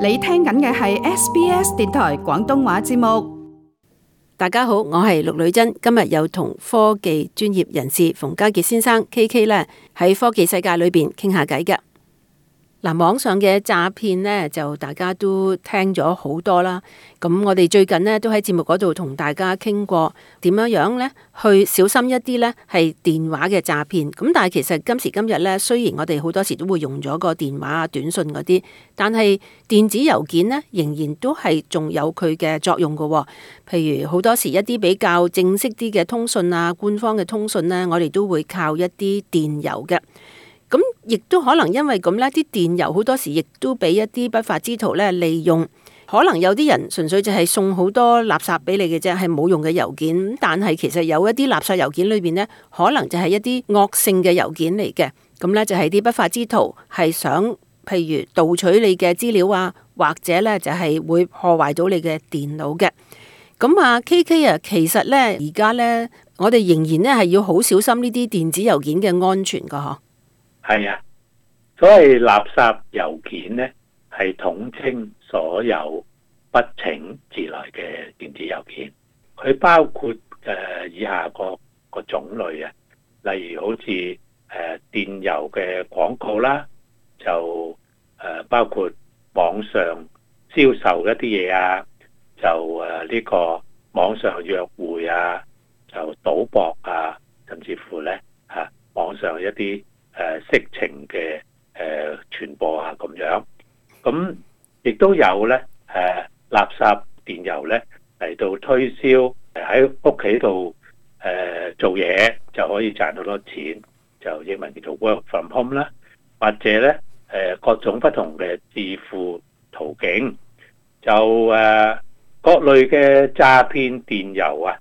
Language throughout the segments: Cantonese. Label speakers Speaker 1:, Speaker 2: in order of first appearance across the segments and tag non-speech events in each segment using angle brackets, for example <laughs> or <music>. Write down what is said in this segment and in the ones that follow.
Speaker 1: 你聽緊嘅係 SBS 電台廣東話節目。大家好，我係陸女珍。今日又同科技專業人士馮家杰先生 KK 呢喺科技世界裏邊傾下偈嘅。嗱，網上嘅詐騙呢，就大家都聽咗好多啦。咁我哋最近呢，都喺節目嗰度同大家傾過點樣樣呢，去小心一啲呢係電話嘅詐騙。咁但係其實今時今日呢，雖然我哋好多時都會用咗個電話、短信嗰啲，但係電子郵件呢，仍然都係仲有佢嘅作用嘅喎。譬如好多時一啲比較正式啲嘅通訊啊、官方嘅通訊呢，我哋都會靠一啲電郵嘅。咁亦都可能因為咁，呢啲電郵好多時亦都俾一啲不法之徒咧，利用。可能有啲人純粹就係送好多垃圾俾你嘅啫，係冇用嘅郵件。但係其實有一啲垃圾郵件裏邊呢，可能就係一啲惡性嘅郵件嚟嘅。咁呢就係啲不法之徒係想，譬如盜取你嘅資料啊，或者呢就係會破壞到你嘅電腦嘅。咁啊，KK 啊，其實呢，而家呢，我哋仍然呢係要好小心呢啲電子郵件嘅安全噶，嗬。
Speaker 2: 係啊，所謂垃圾郵件呢，係統稱所有不請自來嘅電子郵件。佢包括誒、呃、以下個個種類啊，例如好似誒、呃、電郵嘅廣告啦，就誒、呃、包括網上銷售一啲嘢啊，就誒呢、呃這個網上約會啊，就賭博啊，甚至乎呢，嚇、啊、網上一啲。誒、啊、色情嘅誒、呃、傳播啊，咁樣，咁亦都有咧誒、啊、垃圾電郵咧嚟到推銷，喺屋企度誒做嘢就可以賺好多錢，就英文叫做 work from home 啦、啊，或者咧誒、啊、各種不同嘅致富途徑，就誒、啊、各類嘅詐騙電郵啊，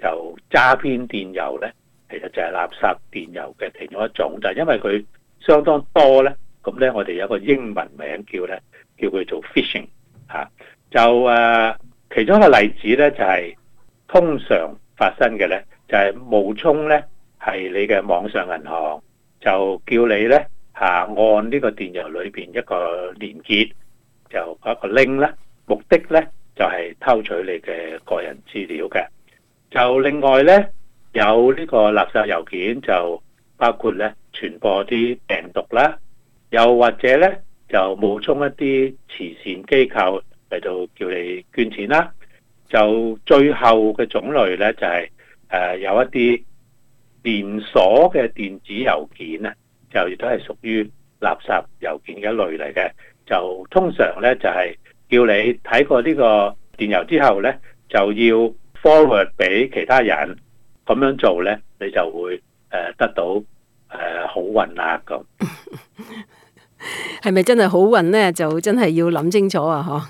Speaker 2: 就詐騙電郵咧。其實就係垃圾電郵嘅其中一種，就係、因為佢相當多呢咁呢，我哋有個英文名叫呢，叫佢做 phishing 嚇、啊。就誒、啊，其中一個例子呢，就係、係、通常發生嘅呢，就係、係、冒充呢係你嘅網上銀行，就叫你呢，嚇、啊、按呢個電郵裏邊一個連結，就一個 link 呢，目的呢，就係、係、偷取你嘅個人資料嘅。就另外呢。有呢個垃圾郵件就包括咧傳播啲病毒啦，又或者咧就冒充一啲慈善機構嚟到叫你捐錢啦。就最後嘅種類咧就係誒有一啲連鎖嘅電子郵件啊，就亦都係屬於垃圾郵件嘅一類嚟嘅。就通常咧就係叫你睇過呢個電郵之後咧就要 forward 俾其他人。咁樣做呢，你就會得到、呃、好運啦。咁
Speaker 1: 係咪真係好運呢？就真係要諗清楚啊！嗬，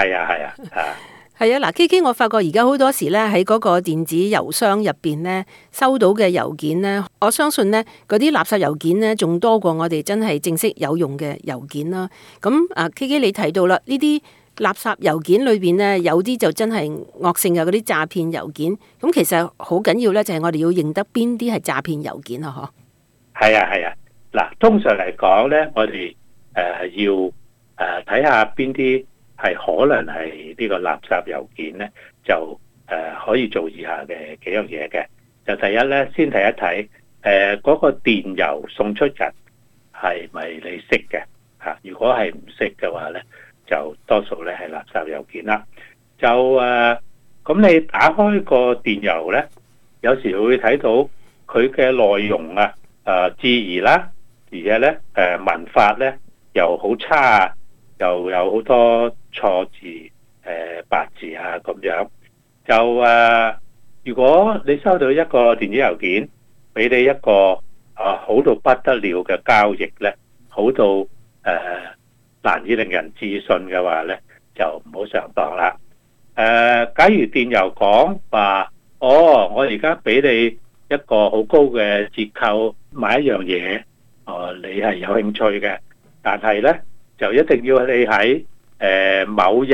Speaker 1: 係啊，
Speaker 2: 係啊，係啊。
Speaker 1: 係 <laughs> 啊，嗱，KK，我發覺而家好多時呢，喺嗰個電子郵箱入邊呢，收到嘅郵件呢，我相信呢，嗰啲垃圾郵件呢，仲多過我哋真係正式有用嘅郵件啦。咁啊，KK，你提到啦，呢啲。垃圾郵件裏邊咧，有啲就真係惡性嘅嗰啲詐騙郵件。咁其實好緊要咧，就係我哋要認得邊啲係詐騙郵件啊！嗬，
Speaker 2: 係啊，係啊。嗱，通常嚟講咧，我哋誒、呃、要誒睇下邊啲係可能係呢個垃圾郵件咧，就誒、呃、可以做以下嘅幾樣嘢嘅。就第一咧，先睇一睇誒嗰個電郵送出人係咪你識嘅？嚇、啊，如果係唔識嘅話咧。就多數咧係垃圾郵件啦，就誒咁你打開個電郵咧，有時會睇到佢嘅內容啊，誒質疑啦，而且咧誒文法咧又好差，又有好多錯字誒白字啊咁樣，就誒如果你收到一個電子郵件，俾你一個啊好到不得了嘅交易咧，好到誒。難以令人置信嘅話呢，就唔好上當啦。誒、呃，假如電郵講話，哦，我而家俾你一個好高嘅折扣買一樣嘢，哦，你係有興趣嘅，但係呢，就一定要你喺誒、呃、某日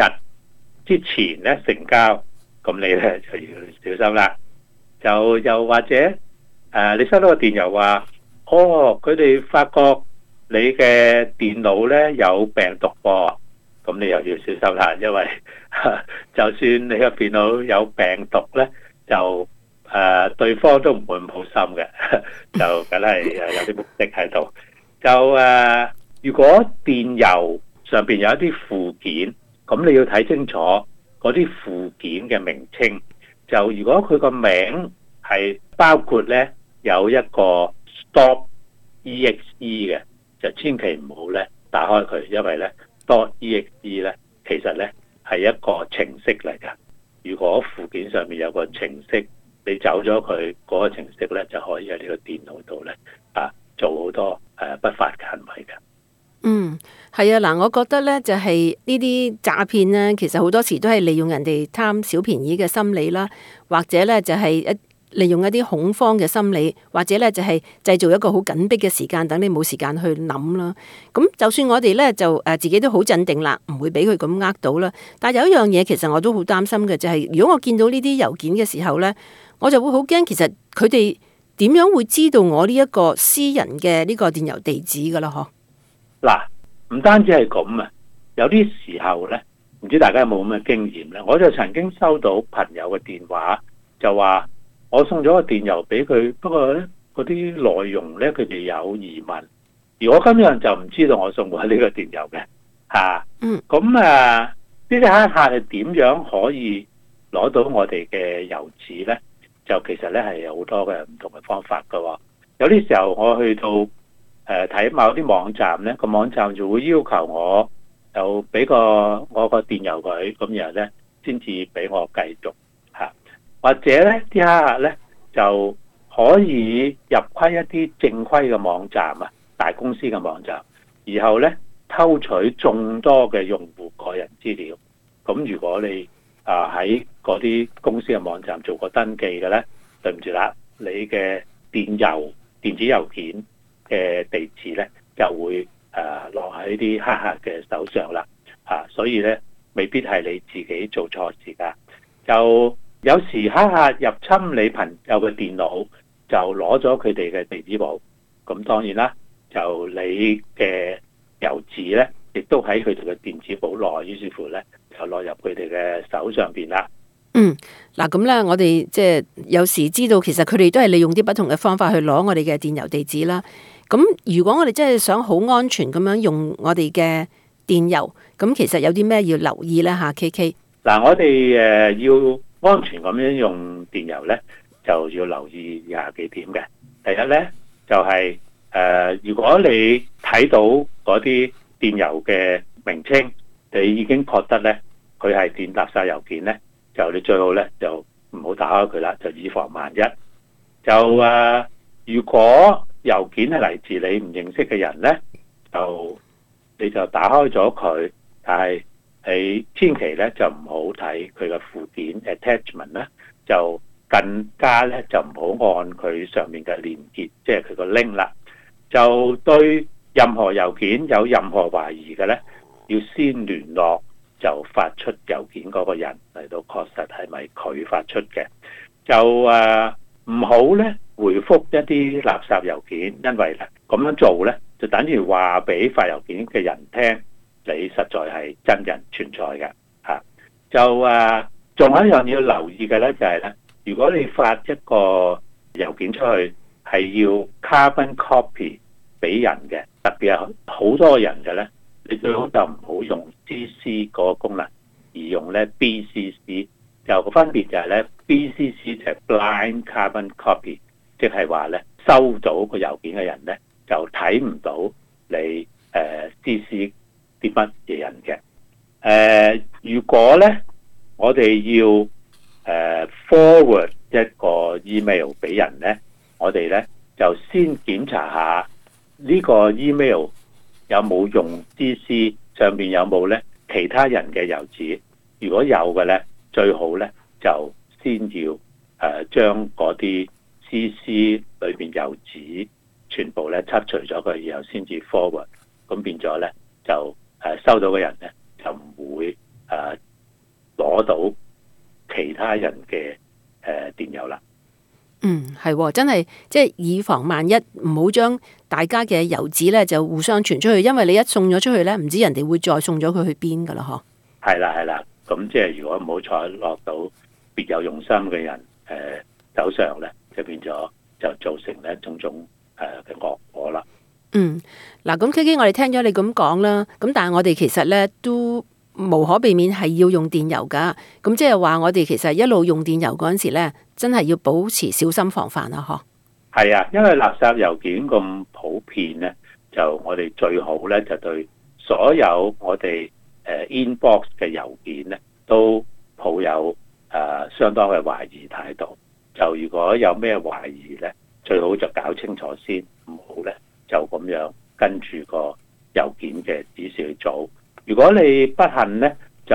Speaker 2: 之前呢成交，咁你呢，就要小心啦。就又或者誒、呃，你收到個電郵話，哦，佢哋發覺。你嘅電腦咧有病毒噃、哦，咁你又要小心啦。因為 <laughs> 就算你個電腦有病毒咧，就誒、呃、對方都唔會咁好心嘅， <laughs> 就梗係有啲目的喺度。就、呃、誒，如果電郵上邊有一啲附件，咁你要睇清楚嗰啲附件嘅名稱。就如果佢個名係包括咧有一個 stop.exe 嘅。就千祈唔好咧打開佢，因為咧 DOC、EXE 咧其實咧係一個程式嚟噶。如果附件上面有個程式，你走咗佢嗰個程式咧就可以喺呢個電腦度咧啊做好多誒不法嘅行為㗎。嗯，
Speaker 1: 係啊，嗱，我覺得咧就係呢啲詐騙咧，其實好多時都係利用人哋貪小便宜嘅心理啦，或者咧就係一，利用一啲恐慌嘅心理，或者咧就係製造一個好緊迫嘅時間，等你冇時間去諗啦。咁就算我哋咧就誒自己都好鎮定啦，唔會俾佢咁呃到啦。但係有一樣嘢，其實我都好擔心嘅，就係如果我見到呢啲郵件嘅時候咧，我就會好驚。其實佢哋點樣會知道我呢一個私人嘅呢個電郵地址噶啦？嗬
Speaker 2: 嗱，唔單止係咁啊，有啲時候咧，唔知大家有冇咁嘅經驗咧？我就曾經收到朋友嘅電話，就話。我送咗個電郵俾佢，不過咧嗰啲內容咧佢就有疑問，而我今日就唔知道我送過呢個電郵嘅，吓、啊，嗯，咁啊，呢啲黑客係點樣可以攞到我哋嘅郵址咧？就其實咧係有好多嘅唔同嘅方法噶，啊，有啲時候我去到誒睇，呃、某啲網站咧，個網站就會要求我就俾個我個電郵佢，咁然後咧先至俾我繼續。或者咧啲黑客咧就可以入閘一啲正規嘅網站啊，大公司嘅網站，然後咧偷取眾多嘅用戶個人資料。咁如果你啊喺嗰啲公司嘅網站做過登記嘅咧，對唔住啦，你嘅電郵、電子郵件嘅地址咧，就會誒落喺啲黑客嘅手上啦。嚇，所以咧未必係你自己做錯事㗎，就。有時黑客入侵你朋友嘅電腦，就攞咗佢哋嘅地址簿，咁當然啦，就你嘅郵址呢，亦都喺佢哋嘅電子簿內，於是乎呢，就落入佢哋嘅手上邊啦。嗯，
Speaker 1: 嗱咁呢，我哋即係有時知道，其實佢哋都係利用啲不同嘅方法去攞我哋嘅電郵地址啦。咁如果我哋真係想好安全咁樣用我哋嘅電郵，咁其實有啲咩要留意呢？嚇，KK，
Speaker 2: 嗱，嗯、我哋誒要。安全咁樣用電郵呢，就要留意廿幾點嘅。第一呢，就係、是、誒、呃，如果你睇到嗰啲電郵嘅名稱，你已經覺得呢，佢係電垃圾郵件呢，就你最好呢，就唔好打開佢啦，就以防萬一。就誒、呃，如果郵件係嚟自你唔認識嘅人呢，就你就打開咗佢，但係。係千祈咧就唔好睇佢嘅附件 attachment 咧，就更加咧就唔好按佢上面嘅連結，即係佢個 link 啦。就對任何郵件有任何懷疑嘅咧，要先聯絡就發出郵件嗰個人嚟到確實係咪佢發出嘅？就誒、啊、唔好咧回覆一啲垃圾郵件，因為咧咁樣做咧就等於話俾發郵件嘅人聽。你實在係真人存在嘅嚇、啊，就啊，仲有一樣要留意嘅咧，就係、是、咧，如果你發一個郵件出去，係要 carbon copy 俾人嘅，特別係好多人嘅咧，你最好就唔好用 CC 個功能，而用咧 BCC，就個分別就係咧，BCC 就係 blind carbon copy，即係話咧，收到個郵件嘅人咧就睇唔到你誒、呃、CC，啲乜嘢人嘅？誒、呃，如果咧，我哋要誒、呃、forward 一個 email 俾人咧，我哋咧就先檢查下呢個 email 有冇用 CC 上邊，有冇咧其他人嘅郵址？如果有嘅咧，最好咧就先要誒、呃、將嗰啲 CC 裏邊郵址全部咧拆除咗佢，然後先至 forward。咁變咗咧就。誒、啊，收到嘅人咧就唔會誒攞、啊、到其他人嘅誒、啊、電
Speaker 1: 郵啦。嗯，係，真係即係以防萬一，唔好將大家嘅郵址咧就互相傳出去，因為你一送咗出去咧，唔知人哋會再送咗佢去邊噶啦，嗬？
Speaker 2: 係啦，係啦，咁、嗯、即係如果唔好彩落到別有用心嘅人誒、啊、手上咧，就變咗就造成咧種種誒嘅惡果啦。
Speaker 1: 嗯，嗱，咁 KK，我哋聽咗你咁講啦，咁但係我哋其實咧都無可避免係要用電郵噶，咁即係話我哋其實一路用電郵嗰陣時咧，真係要保持小心防範啊！嗬，
Speaker 2: 係啊，因為垃圾郵件咁普遍咧，就我哋最好咧就對所有我哋誒 inbox 嘅郵件咧都抱有誒相當嘅懷疑態度。就如果有咩懷疑咧，最好就搞清楚先，唔好咧。就咁樣跟住個郵件嘅指示去做。如果你不幸呢，就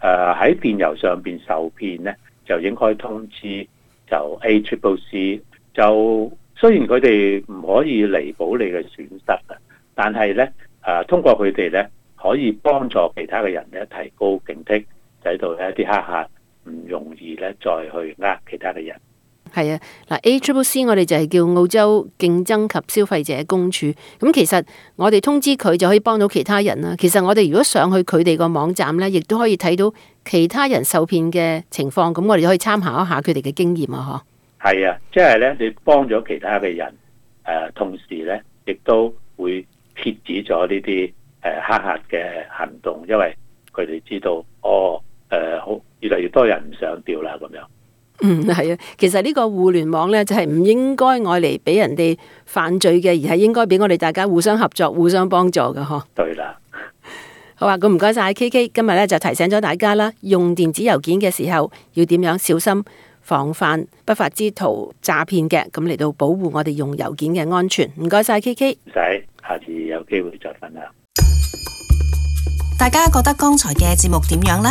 Speaker 2: 誒喺、呃、電郵上邊受騙呢，就應該通知就 A Triple C，就雖然佢哋唔可以彌補你嘅損失啊，但係呢，誒、呃、通過佢哋呢，可以幫助其他嘅人呢提高警惕，使到一啲黑客唔容易呢再去呃其他嘅
Speaker 1: 人。係啊，嗱 A Triple C 我哋就係叫澳洲競爭及消費者公署，咁其實我哋通知佢就可以幫到其他人啦。其實我哋如果上去佢哋個網站呢，亦都可以睇到其他人受騙嘅情況，咁我哋可以參考一下佢哋嘅經驗啊！嗬，
Speaker 2: 係啊，即係呢，你幫咗其他嘅人，呃，同時呢亦都會遏止咗呢啲黑客嘅行動，因為佢哋知道哦，誒、呃，好越嚟越多人唔上釣啦，咁樣。
Speaker 1: 嗯，係啊，其實呢個互聯網呢，就係、是、唔應該愛嚟俾人哋犯罪嘅，而係應該俾我哋大家互相合作、互相幫助嘅，嗬。對啦了，好啊，咁唔該晒 KK，今日呢，就提醒咗大家啦，用電子郵件嘅時候要點樣小心防範不法之徒詐騙嘅，咁嚟到保護我哋用郵件嘅安全。唔該晒 KK，唔使，
Speaker 2: 下次有機會再分享。
Speaker 1: 大家覺得剛才嘅節目點樣呢？